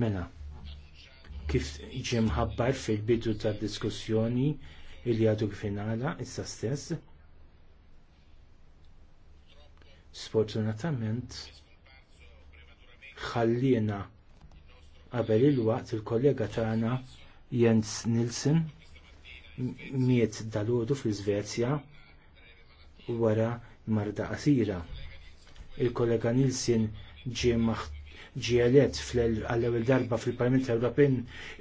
Mela, kif ġie mħabbar fil-bidu tad diskussjoni li għadu finala issa stess. Sfortunatament, ħallina qabel il-waqt il-kollega tagħna Jens Nilsen miet dalodu fl-Iżvezja wara marda qasira. Il-kollega Nilsen ġie maħt Ġielet elett għall-ewwel darba fil-Parlament Ewropin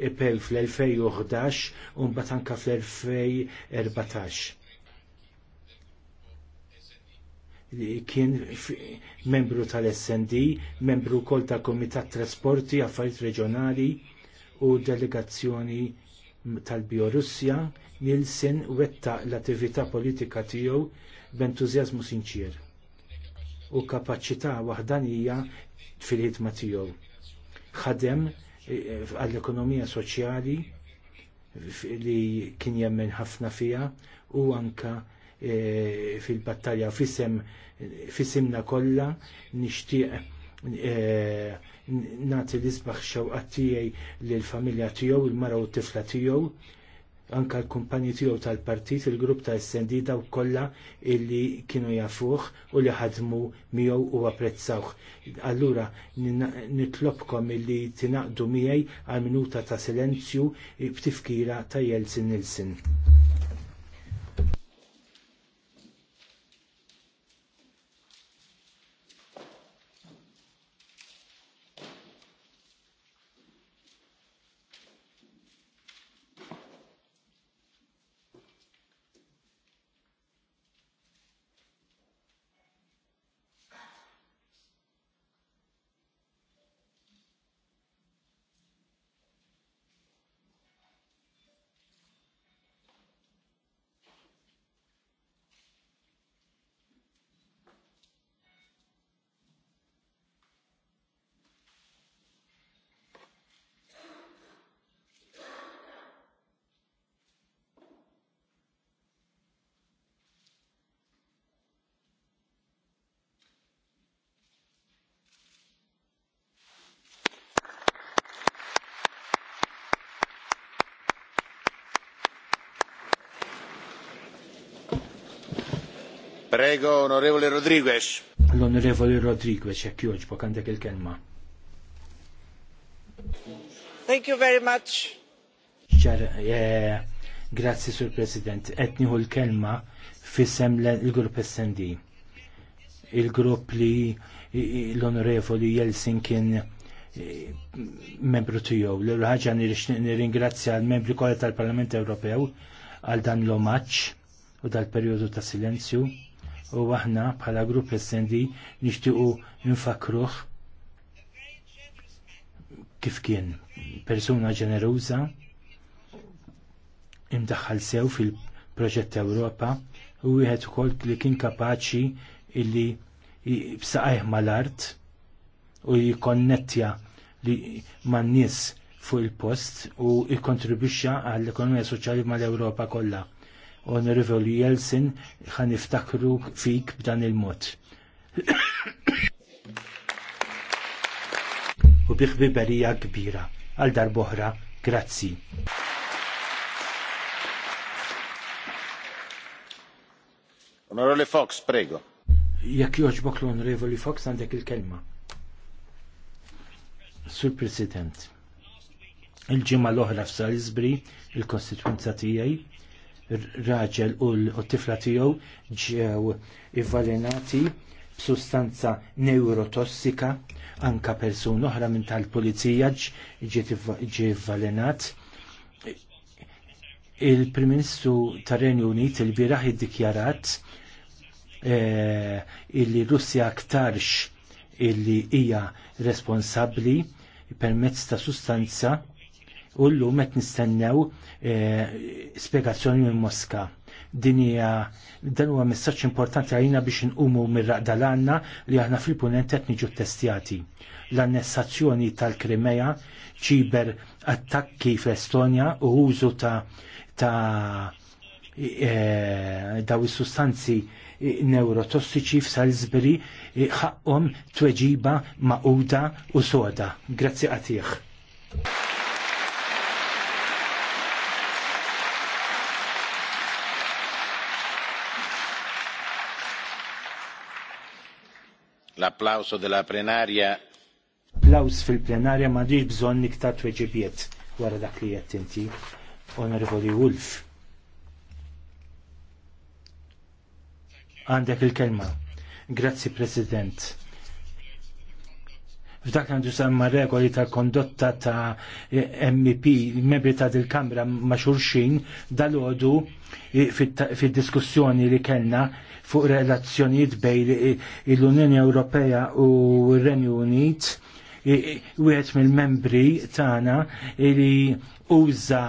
ipel fl-2011 u mbagħad anke fl-2014. Kien membru tal-SND, membru wkoll tal Komitat Trasporti, Affarijiet Reġjonali u Delegazzjoni tal-Biorussja, Nilsen wetta' l-attività politika tiegħu b'entużjażmu sinċir u kapaċità waħdanija fil-ħidma tiegħu. Ħadem eh, eh, għall-ekonomija soċjali li kien jemmen ħafna fija u anka e, fil-battalja fisem fisimna kollha nixtieq nati l-isbaħ xewqat tiegħi lill familja tiegħu, il-mara u t-tifla tiegħu anka l-kumpanji tiegħu tal-partit, il-grupp ta' SND daw kollha illi kienu jafuh u li ħadmu miegħu u apprezzawh. Allura nitlobkom illi tinaqdu miegħi għal minuta ta' silenzju b'tifkira ta' Jelsin Nilsen. Prego, onorevole Rodriguez. L-onorevole Rodriguez, jekk joġbok għandek il-kelma. Thank you very much. Ġar, eh, grazzi, Sur President. Etniħu l-kelma fissem l-grupp SND. Il-grupp li l-onorevoli Jelsin kien eh, membru tijow. L-ħagġa nir-ingrazzja l-membri kolla tal-Parlament Ewropew għal dan l-omaċ u dal-periodu ta' silenzju u aħna bħala grupp SND nixtiequ nfakruh kif kien persuna ġeneruża imdaħħal sew fil-proġett Ewropa u wieħed ukoll li kien kapaċi illi b'saqajh mal-art u jikkonnettja li man-nies fuq il-post u jikkontribwixxa għall-ekonomija soċjali mal-Ewropa kollha. Onorevoli Jelsin, ħan niftakru fik b'dan il-mod. U biħbi berija kbira. Għal darboħra, grazzi. Onorevoli Fox, prego. Jekk joġbok l-Onorevoli Fox għandek il-kelma. Sur President, il-ġimma l-oħra f'Salisbury, il-kostituenza tiegħi, raġel u l-tifla tiegħu ġew ivvalenati b'sustanza neurotossika anka persuna oħra minn tal-pulizija ġiet ivvalenat. Il-Prim Ministru tar-Renju Unit il-bieraħ iddikjarat eh, illi Russja aktarx illi hija responsabbli permezz ta' sustanza u l-lum qed nistennew eh, spjegazzjoni minn Moska. Din hija dan huwa messaġġ importanti għalina biex inqumu mir-raqda l-għandna li aħna fil-punent qed niġu testjati. L-annessazzjoni tal-Krimea, ċiber attakki fl-Estonja u użu ta' ta' eh, daw sustanzi neurotossiċi f'Salisbury ħaqhom tweġiba maquda u soda. Grazzi għatih. L-applauso della plenaria. Applaus fil-plenarja ma rridx bżonn niktar tweġibiet wara dak li jattinti, Onorevoli Wolf. Għandek il-kelma. Grazzi President F'dak għandu semma regoli ta' kondotta ta' MEP, membri ta' dil-Kamra ma' xurxin, dal-ħodu fil-diskussjoni li kellna fuq relazzjoniet bejn l-Unjoni Ewropea u r-Renju Unit, u għet mill-membri tagħna li uża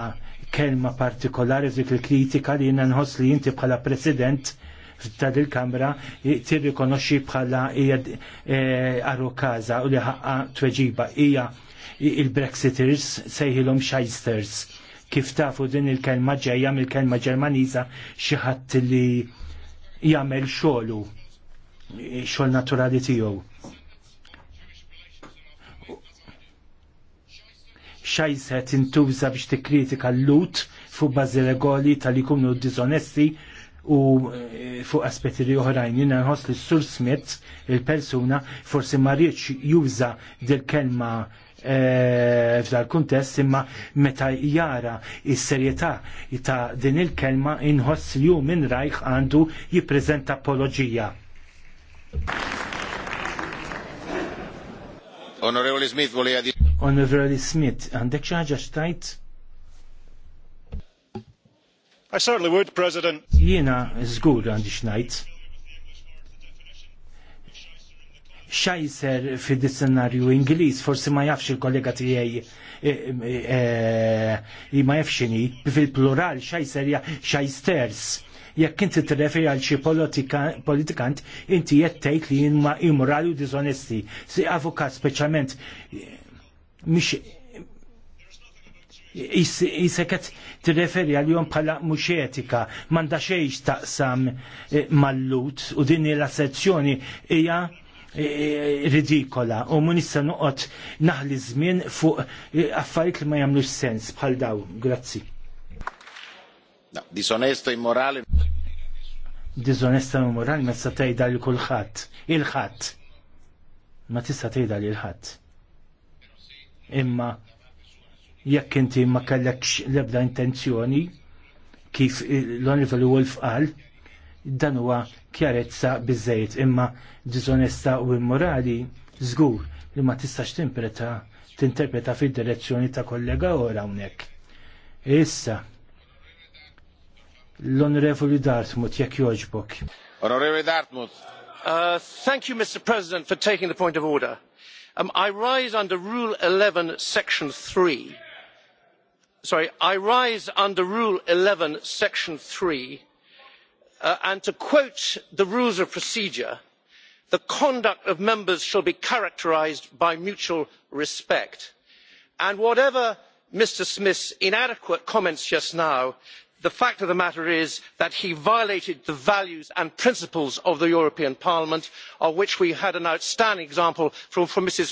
kelma partikolari dik il-kritika li jina nħoss li jinti bħala president ta' dil-Kamra tirrikonoxxi bħala hija eh, kaza u li ħaqqa tweġiba hija il-Brexiters sejħilhom shysters. Kif tafu din il-kelma ġejja mill-kelma Ġermaniża xi ħadd li jagħmel xogħlu xogħol naturali tiegħu. Xajset intuża biex tikkritika l-lut fuq bażi regoli tal-li jkunu disonesti u eh, fuq aspetti li oħrajn jina nħoss li sur Smith il-persuna forsi ma rridx juża dil-kelma eh, f'dal kuntest imma meta jara is-serjetà ta' din il-kelma inħoss li hu minn rajħ għandu jippreżenta apologija. Onorevoli Smith, volija di. Onorevoli Smith, għandek xi ħaġa xtajt? I certainly would, President. Jiena żgur għandi xnajt. Xajser fi dizzinarju Ingliż, forsi ma jafx il-kollega tiegħi e, e, e, ma jafxini fil-plural xajser xajsters jekk inti t-referi għal xi politikant, inti jettejt li jimma immorali u disonesti. Si avukat speċjalment mhix jiseket t-referi għal-jom bħala muxetika, manda xejx taqsam eh, mal-lut u din il assezzjoni hija eh, ridikola u mun issa noqgħod naħli żmien fuq eh, affarijiet li ma jagħmlux sens bħal dawn. Grazzi. Disonesto immorali. Disonesto immorali ma tista' tgħidha lil kulħadd, il-ħadd. Ma tista' tgħidha lil ħadd. Imma jekk inti ma kellekx l-ebda intenzjoni kif l-Honorable Wolf qal, dan huwa kjarezza biżejjed imma diżonesta u immorali żgur li ma tistax timpreta tinterpreta fid-direzzjoni ta' kollega ora hawnhekk. Issa, l-Onorevoli Dartmouth, jekk joġbok. Onorevoli Dartmouth. Uh, thank you, Mr. President, for taking the point of order. Um, I rise under Rule 11, Section 3 i rise under rule eleven section three uh, and to quote the rules of procedure the conduct of members shall be characterised by mutual respect and whatever mr smith's inadequate comments just now the fact of the matter is that he violated the values and principles of the european parliament of which we had an outstanding example from mrs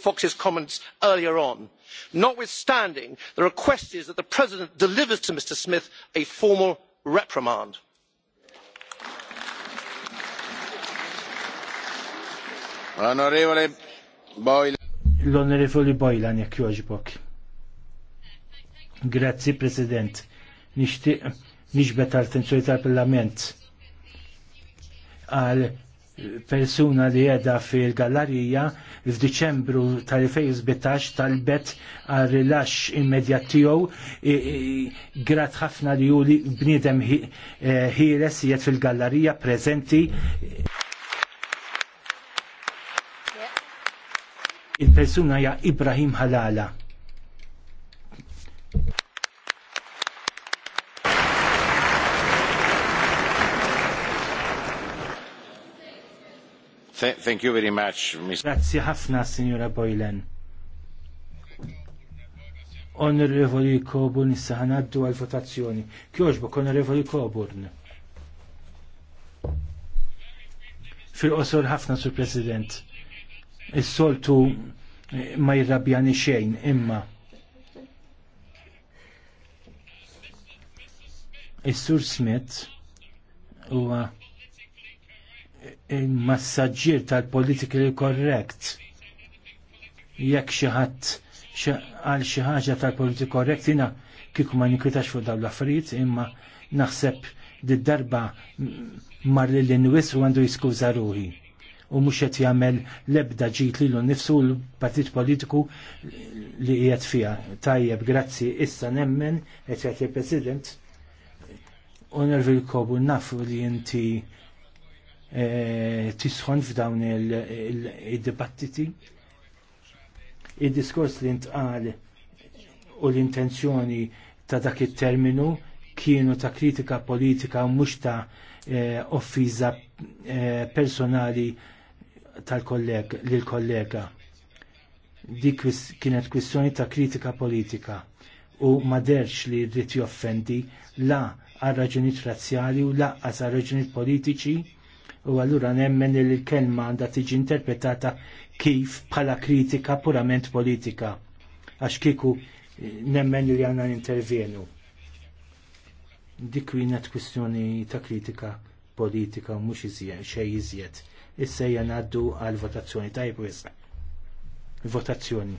fox's comments earlier on. notwithstanding the request is that the president delivers to mr smith a formal reprimand nixtieq nishbet għal attenzjoni tal-Parlament għal persuna li għedha fil-gallerija f'Diċembru tal-2017 talbet għal rilax immedjat tiegħu grat ħafna li juli bniedem eh, ħieles jgħed fil-gallerija prezenti. il-persuna hija Ibrahim Halala. Thank you very much, Mr. Grazzi ħafna, Signora Boylan. Onorevoli Coburn, issa ħanaddu għal-votazzjoni. Kjoġbok, Onorevoli Coburn. Fil-qosor ħafna, Sur President. Is-soltu ma jirrabjani xejn, imma. Is-Sur Smith huwa il-massagġir tal-politically correct jekk xi ħadd għal xi ħaġa tal-politi korrekt jina kieku ma nikritax fuq dawn l-affarijiet imma naħseb darba mar li l-inwis u għandu jiskuza ruħi u mhux qed jagħmel l-ebda ġid nifsu nnifsu l-partit politiku li qiegħed fiha. Tajjeb, grazzi, issa nemmen et jagħti president Onorvil Kobu nafu li inti Eh, tisħon f'dawn il-dibattiti. Il-diskors li ntqal u l-intenzjoni ta' dak it-terminu kienu ta' kritika politika u mhux ta' eh, offiża eh, personali tal-kollega lill-kollega. Dik kienet kwistjoni ta' kritika politika u ma derx li rrit joffendi la għal raġunijiet razzjali u laqqas għal raġunit politiċi U allura nemmen li l-kelma għandha tiġi interpretata kif bħala kritika purament politika. Għax kiku eh, nemmen li għanna intervjenu. Dik kienet kwistjoni ta' kritika politika u mhux xej iżjed. Issa jgħanaddu għal votazzjoni ta' wisq. Votazzjoni.